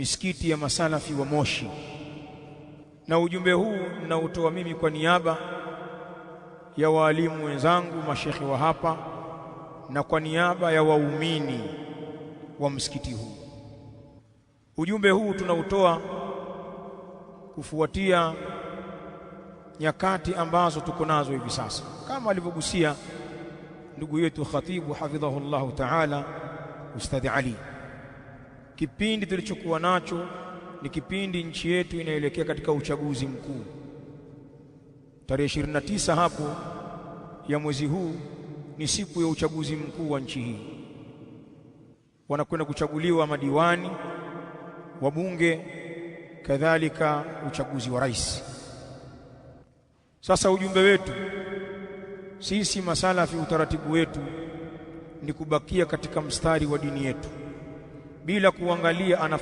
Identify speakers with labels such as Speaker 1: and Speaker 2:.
Speaker 1: misikiti ya masalafi wa Moshi. Na ujumbe huu nautoa mimi kwa niaba ya waalimu wenzangu mashekhe wa hapa na kwa niaba ya waumini wa msikiti huu. Ujumbe huu tunautoa kufuatia nyakati ambazo tuko nazo hivi sasa, kama alivyogusia ndugu yetu khatibu hafidhahu llahu taala Ustadhi Ali. Kipindi tulichokuwa nacho ni kipindi nchi yetu inaelekea katika uchaguzi mkuu tarehe 29 hapo ya mwezi huu ni siku ya uchaguzi mkuu wa nchi hii. Wanakwenda kuchaguliwa madiwani, wabunge, kadhalika uchaguzi wa rais. Sasa ujumbe wetu sisi masalafi, utaratibu wetu ni kubakia katika mstari wa dini yetu bila kuangalia ana